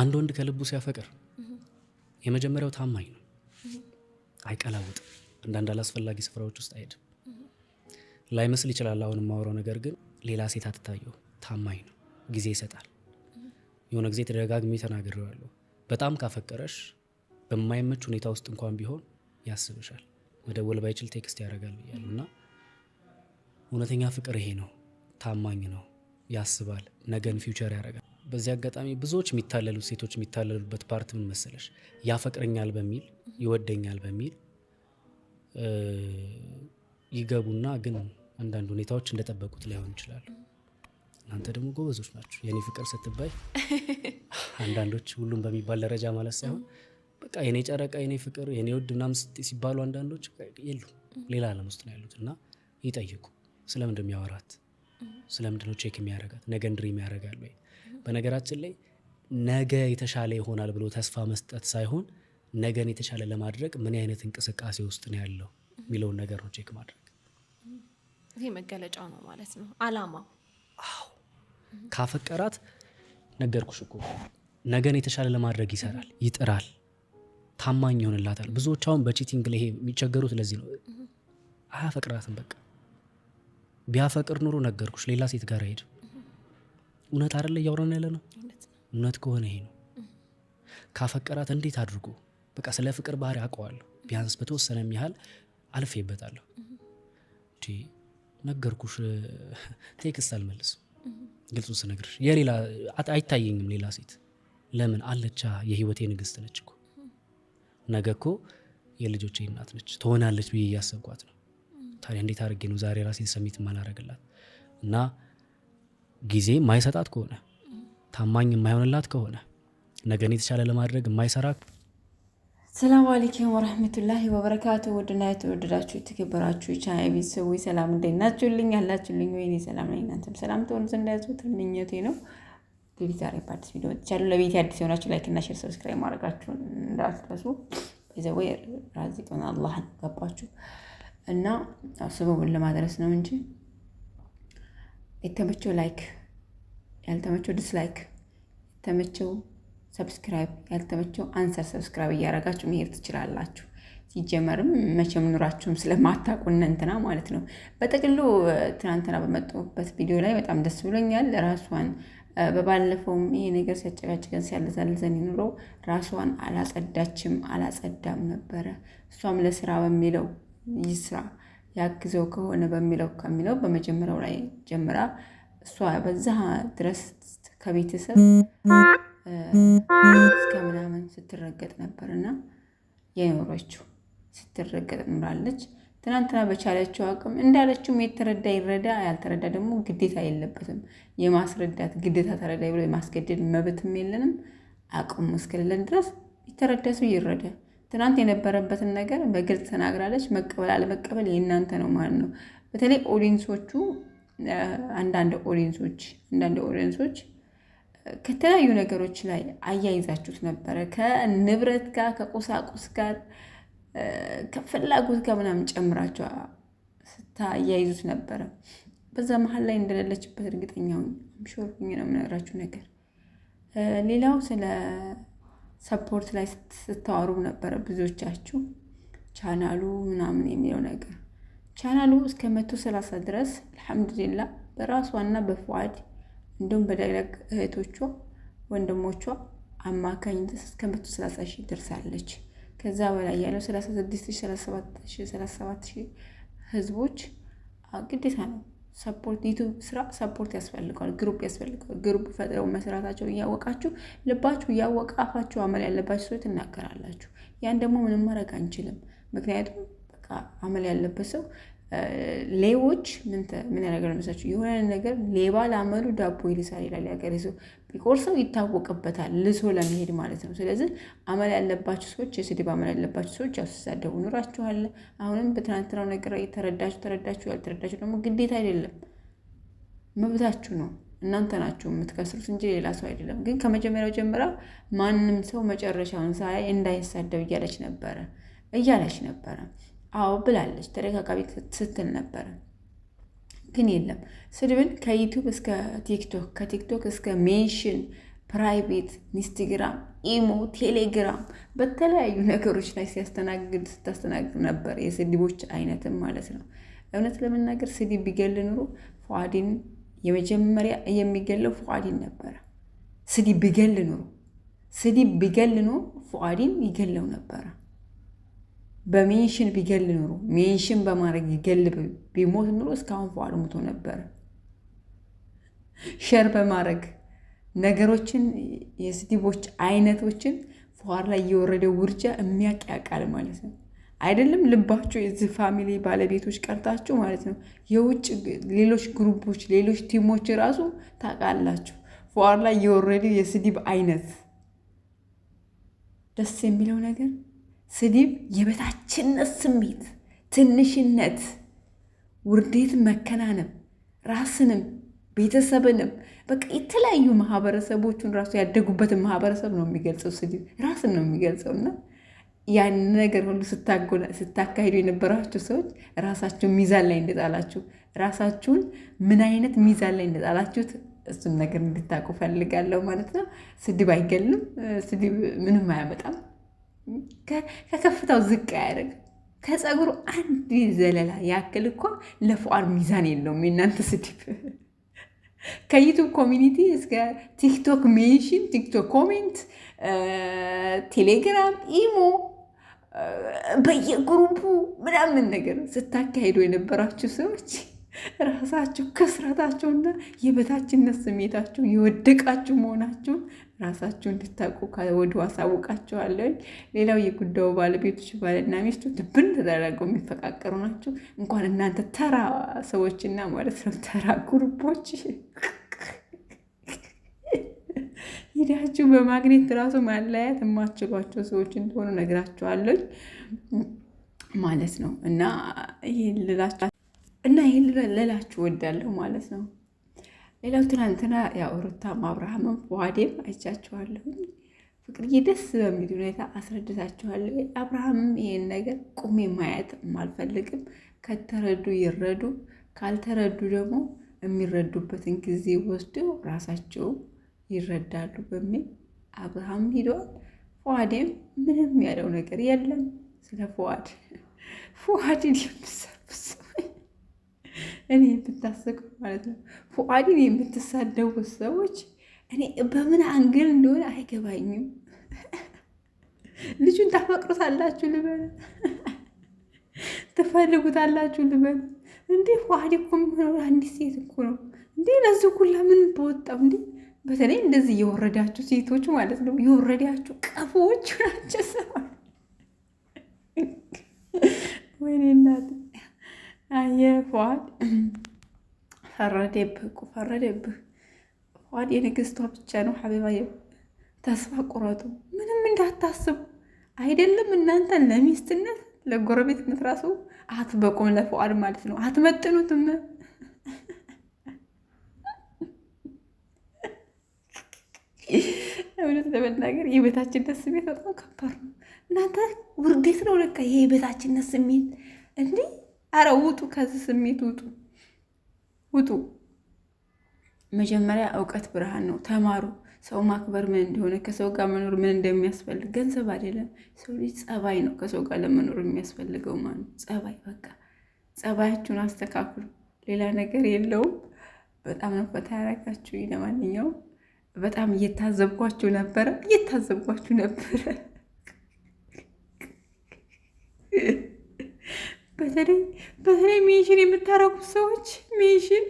አንድ ወንድ ከልቡ ሲያፈቅር የመጀመሪያው ታማኝ ነው። አይቀላውጥም። አንዳንድ አላስፈላጊ ስፍራዎች ውስጥ አይሄድም። ላይመስል ይችላል አሁን የማወራው ነገር፣ ግን ሌላ ሴት አትታየው። ታማኝ ነው። ጊዜ ይሰጣል። የሆነ ጊዜ ተደጋግሚ ተናግረዋለሁ በጣም ካፈቀረሽ በማይመች ሁኔታ ውስጥ እንኳን ቢሆን ያስብሻል። መደወል ባይችል ቴክስት ያደርጋል ብያለሁ እና እውነተኛ ፍቅር ይሄ ነው። ታማኝ ነው፣ ያስባል፣ ነገን ፊውቸር ያደርጋል። በዚህ አጋጣሚ ብዙዎች የሚታለሉ ሴቶች የሚታለሉበት ፓርት ምን መሰለሽ፣ ያፈቅረኛል በሚል ይወደኛል በሚል ይገቡና ግን አንዳንድ ሁኔታዎች እንደጠበቁት ላይሆን ይችላሉ። እናንተ ደግሞ ጎበዞች ናቸው። የኔ ፍቅር ስትባይ አንዳንዶች ሁሉም በሚባል ደረጃ ማለት ሳይሆን በቃ የኔ ጨረቃ፣ የኔ ፍቅር፣ የኔ ውድ ምናምን ሲባሉ አንዳንዶች የሉ ሌላ ዓለም ውስጥ ነው ያሉት እና ይጠይቁ ስለምንድ የሚያወራት ስለምንድነው ቼክ የሚያደርጋት ነገ እንድሪ የሚያደርጋል ወይ በነገራችን ላይ ነገ የተሻለ ይሆናል ብሎ ተስፋ መስጠት ሳይሆን ነገን የተሻለ ለማድረግ ምን አይነት እንቅስቃሴ ውስጥ ነው ያለው የሚለውን ነገር ነው ቼክ ማድረግ። ይሄ መገለጫው ነው ማለት ነው አላማ። አዎ ካፈቀራት ነገርኩሽ እኮ ነገን የተሻለ ለማድረግ ይሰራል፣ ይጥራል፣ ታማኝ ይሆንላታል። ብዙዎች አሁን በቺቲንግ ላይ ይሄ የሚቸገሩት ለዚህ ነው። አያፈቅራትም በቃ ቢያፈቅር ኑሮ ነገርኩሽ ሌላ ሴት ጋር ሄድ እውነት አይደለ እያውረን ያለ ነው? እውነት ከሆነ ይሄ ነው። ካፈቀራት እንዴት አድርጎ በቃ ስለ ፍቅር ባህሪ አውቀዋለሁ። ቢያንስ በተወሰነ ያህል አልፌበታለሁ። ነገርኩሽ፣ ቴክስት አልመልስም። ግልጹ ስነግርሽ የሌላ አይታየኝም። ሌላ ሴት ለምን አለቻ? የህይወቴ ንግስት ነች እኮ ነገ እኮ የልጆቼ እናት ነች ትሆናለች ብዬ እያሰብኳት ነው። ታዲያ እንዴት አድርጌ ነው ዛሬ ራሴን ሰሚት ማላረግላት እና ጊዜ የማይሰጣት ከሆነ ታማኝ የማይሆንላት ከሆነ ነገን የተቻለ ለማድረግ የማይሰራ ሰላም አለይኩም ወረህመቱላሂ ወበረካቱ። ውድና የተወደዳችሁ የተከበራችሁ የቻናሌ ቤተሰቦች ሰላም እንዴት ናችሁልኝ? ያላችሁልኝ ወይ? ሰላም ነኝ። እናንተም ሰላም ትሆኑ ዘንድ ያዘወትር ምኞቴ ነው። እንግዲህ ዛሬ በአዲስ ቪዲዮ መጥቻለሁ። ለቤት አዲስ የሆናችሁ ላይክ እና ሼር፣ ሰብስክራይብ ማድረጋችሁን እንዳትረሱ። በዚያ ወይ አላህን ገባችሁ እና ሰበቡን ለማድረስ ነው እንጂ የተመቸው ላይክ፣ ያልተመቸው ዲስላይክ፣ የተመቸው ሰብስክራይብ፣ ያልተመቸው አንሰር ሰብስክራይብ እያደረጋችሁ መሄድ ትችላላችሁ። ሲጀመርም መቼም ኑራችሁም ስለማታውቁ እንትና ማለት ነው። በጥቅሉ ትናንትና በመጡበት ቪዲዮ ላይ በጣም ደስ ብሎኛል። ራሷን በባለፈውም ይሄ ነገር ሲያጨቃጭቀን ሲያለዛልዘን ይኑረው ራሷን አላጸዳችም አላጸዳም ነበረ። እሷም ለስራ በሚለው ይስራ ያግዘው ከሆነ በሚለው ከሚለው በመጀመሪያው ላይ ጀምራ እሷ በዛ ድረስ ከቤተሰብ እስከ ምናምን ስትረገጥ ነበር እና የኖረችው ስትረገጥ ኖራለች። ትናንትና በቻለችው አቅም እንዳለችውም የተረዳ ይረዳ፣ ያልተረዳ ደግሞ ግዴታ የለበትም የማስረዳት ግዴታ ተረዳይ ብሎ የማስገደድ መብትም የለንም። አቅሙ እስከሌለን ድረስ የተረዳ ሰው ይረዳ። ትናንት የነበረበትን ነገር በግልጽ ተናግራለች። መቀበል አለመቀበል የእናንተ ነው ማለት ነው። በተለይ ኦዲንሶቹ አንዳንድ ኦዲንሶች አንዳንድ ኦዲንሶች ከተለያዩ ነገሮች ላይ አያይዛችሁት ነበረ ከንብረት ጋር ከቁሳቁስ ጋር ከፍላጎት ጋር ምናምን ጨምራችሁ ስታያይዙት ነበረ። በዛ መሀል ላይ እንደሌለችበት እርግጠኛውን ሾርኝ ነው የምነግራችሁ ነገር ሌላው ስለ ሰፖርት ላይ ስታወሩ ነበረ ብዙዎቻችሁ ቻናሉ ምናምን የሚለው ነገር ቻናሉ እስከ መቶ ሰላሳ ድረስ አልሐምዱሊላ በራሷና በፍዋድ እንዲሁም በደረግ እህቶቿ ወንድሞቿ አማካኝነት እስከ መቶ ሰላሳ ሺህ ደርሳለች። ከዛ በላይ ያለው ሰላሳ ስድስት ሺህ ሰላሳ ሰባት ሺህ ህዝቦች ግዴታ ነው ሰፖርት ዩቱብ ስራ ሰፖርት ያስፈልገዋል። ግሩፕ ያስፈልገዋል። ግሩፕ ፈጥረው መስራታቸው እያወቃችሁ ልባችሁ እያወቀ አፋችሁ አመል ያለባችሁ ሰው ትናገራላችሁ። ያን ደግሞ ምንም ማድረግ አንችልም። ምክንያቱም በቃ አመል ያለበት ሰው ሌቦች ምን ያደርጋሉ መሰላችሁ? የሆነ ነገር ሌባ ላመዱ ዳቦ ይልሳል ይላል ያገሬ ሰው። ቢቆርሰው ይታወቅበታል ልሶ ለመሄድ ማለት ነው። ስለዚህ አመል ያለባችሁ ሰዎች፣ የስድብ አመል ያለባችሁ ሰዎች ያስተሳደቡ ኑራችኋል። አሁንም በትናንትናው ነገር ተረዳችሁ ተረዳችሁ፣ ያልተረዳችሁ ደግሞ ግዴታ አይደለም መብታችሁ ነው። እናንተ ናችሁ የምትከስሩት እንጂ ሌላ ሰው አይደለም። ግን ከመጀመሪያው ጀምራ ማንም ሰው መጨረሻውን ሳያይ እንዳይሳደብ እያለች ነበረ እያለች ነበረ አዎ ብላለች ተደጋጋሚ ስትል ነበረ። ግን የለም ስድብን ከዩቱብ እስከ ቲክቶክ ከቲክቶክ እስከ ሜንሽን ፕራይቬት፣ ኢንስታግራም፣ ኢሞ፣ ቴሌግራም በተለያዩ ነገሮች ላይ ሲያስተናግድ ስታስተናግድ ነበር። የስድቦች አይነትም ማለት ነው። እውነት ለመናገር ስድብ ቢገል ኑሮ ፉአዲን የመጀመሪያ የሚገለው ፉአዲን ነበረ። ስድብ ቢገል ኑሮ ስድብ ቢገል ኑሮ ፉአዲን ይገለው ነበረ። በሜንሽን ቢገል ኑሮ ሜንሽን በማድረግ ይገል ቢሞት ኑሮ እስካሁን ፏል ሙቶ ነበር። ሸር በማድረግ ነገሮችን የስቲቦች አይነቶችን ፏር ላይ እየወረደ ውርጃ የሚያቅ ያውቃል ማለት ነው። አይደለም ልባችሁ የዚህ ፋሚሊ ባለቤቶች ቀርታችሁ ማለት ነው። የውጭ ሌሎች ግሩፖች፣ ሌሎች ቲሞች ራሱ ታውቃላችሁ። ፏር ላይ እየወረደ የስዲብ አይነት ደስ የሚለው ነገር ስድብ የበታችነት ስሜት፣ ትንሽነት፣ ውርዴት መከናነብ፣ ራስንም ቤተሰብንም በቃ የተለያዩ ማህበረሰቦቹን ራሱ ያደጉበትን ማህበረሰብ ነው የሚገልጸው። ስድብ ራስን ነው የሚገልጸው እና ያን ነገር ሁሉ ስታካሂዱ የነበራችሁ ሰዎች ራሳችሁን ሚዛን ላይ እንደጣላችሁ ራሳችሁን ምን አይነት ሚዛን ላይ እንደጣላችሁት እሱን ነገር እንድታውቁ ፈልጋለሁ ማለት ነው። ስድብ አይገልም። ስድብ ምንም አያመጣም። ከከፍታው ዝቅ አያደርግ ከፀጉሩ አንድ ዘለላ ያክል እኮ ለፉአድ ሚዛን የለውም። የእናንተ ስድብ ከዩቱብ ኮሚኒቲ እስከ ቲክቶክ ሜንሽን፣ ቲክቶክ ኮሜንት፣ ቴሌግራም፣ ኢሞ በየግሩፑ ምናምን ነገር ስታካሄዱ የነበራችሁ ሰዎች ራሳችሁ ከስራታችሁና የበታችነት ስሜታችሁ የወደቃችሁ መሆናችሁን ራሳችሁ እንድታውቁ ከወዱ አሳውቃችኋለሁ። ሌላው የጉዳዩ ባለቤቶች ባልና ሚስቱ ድብን ተደረገው የሚፈቃቀሩ ናቸው። እንኳን እናንተ ተራ ሰዎችና ማለት ነው ተራ ጉርቦች ሂዳችሁ በማግኘት ራሱ ማለያት የማችሏቸው ሰዎች እንደሆኑ ነግራችኋለሁ ማለት ነው እና ይህ ልላችሁ እና ይህን ልላችሁ እወዳለሁ ማለት ነው። ሌላው ትናንትና ያው ሩታም አብርሃምም ፏዴም አይቻችኋለሁ። ፍቅርዬ ደስ በሚል ሁኔታ አስረድታችኋለሁ። አብርሃምም ይሄን ነገር ቁሜ ማየት አልፈልግም፣ ከተረዱ ይረዱ፣ ካልተረዱ ደግሞ የሚረዱበትን ጊዜ ወስዶ ራሳቸው ይረዳሉ በሚል አብርሃም ሂደዋል። ፏዋዴም ምንም ያለው ነገር የለም ስለ ፏድ ፏድ እኔ የምታስቀው ማለት ነው። ፉአድን የምትሳደቡት ሰዎች እኔ በምን አንግል እንደሆነ አይገባኝም። ልጁን ታፈቅሩታላችሁ ልበል፣ ትፈልጉታላችሁ ልበል። እንዴ ፉአድ እኮ የሚሆነው አንዲት ሴት እኮ ነው እንዴ! ለዚህ ሁላ ምን በወጣው እንዴ! በተለይ እንደዚህ የወረዳችሁ ሴቶች ማለት ነው የወረዳችሁ ቀፎዎች ናቸው። ፈረደብህ እኮ ፈረደብህ። ፏድ የንግስቷ ብቻ ነው። ሀቢባ ተስፋ ቁረጡ፣ ምንም እንዳታስቡ። አይደለም እናንተን ለሚስትነት ለጎረቤትነት ራሱ አትበቁም። ለፈዋድ ማለት ነው አትመጥኑትም። እውነት ለመናገር የቤታችንነት ስሜት በጣም ከባድ ነው። እናንተ ውርዴት ነው ለካ የቤታችንነት ስሜት እንዲህ። አረ ውጡ፣ ከዚህ ስሜት ውጡ። ውጡ። መጀመሪያ እውቀት ብርሃን ነው። ተማሩ። ሰው ማክበር ምን እንደሆነ፣ ከሰው ጋር መኖር ምን እንደሚያስፈልግ። ገንዘብ አይደለም፣ ሰው ልጅ ጸባይ ነው። ከሰው ጋር ለመኖር የሚያስፈልገው ማነው? ጸባይ። በቃ ጸባያችሁን አስተካክሉ። ሌላ ነገር የለውም። በጣም ነው ፈታ ያረጋችሁ። ለማንኛውም በጣም እየታዘብኳችሁ ነበረ፣ እየታዘብኳችሁ ነበረ። በተለይ በተለይ ሜሽን የምታረጉት ሰዎች ሜሽን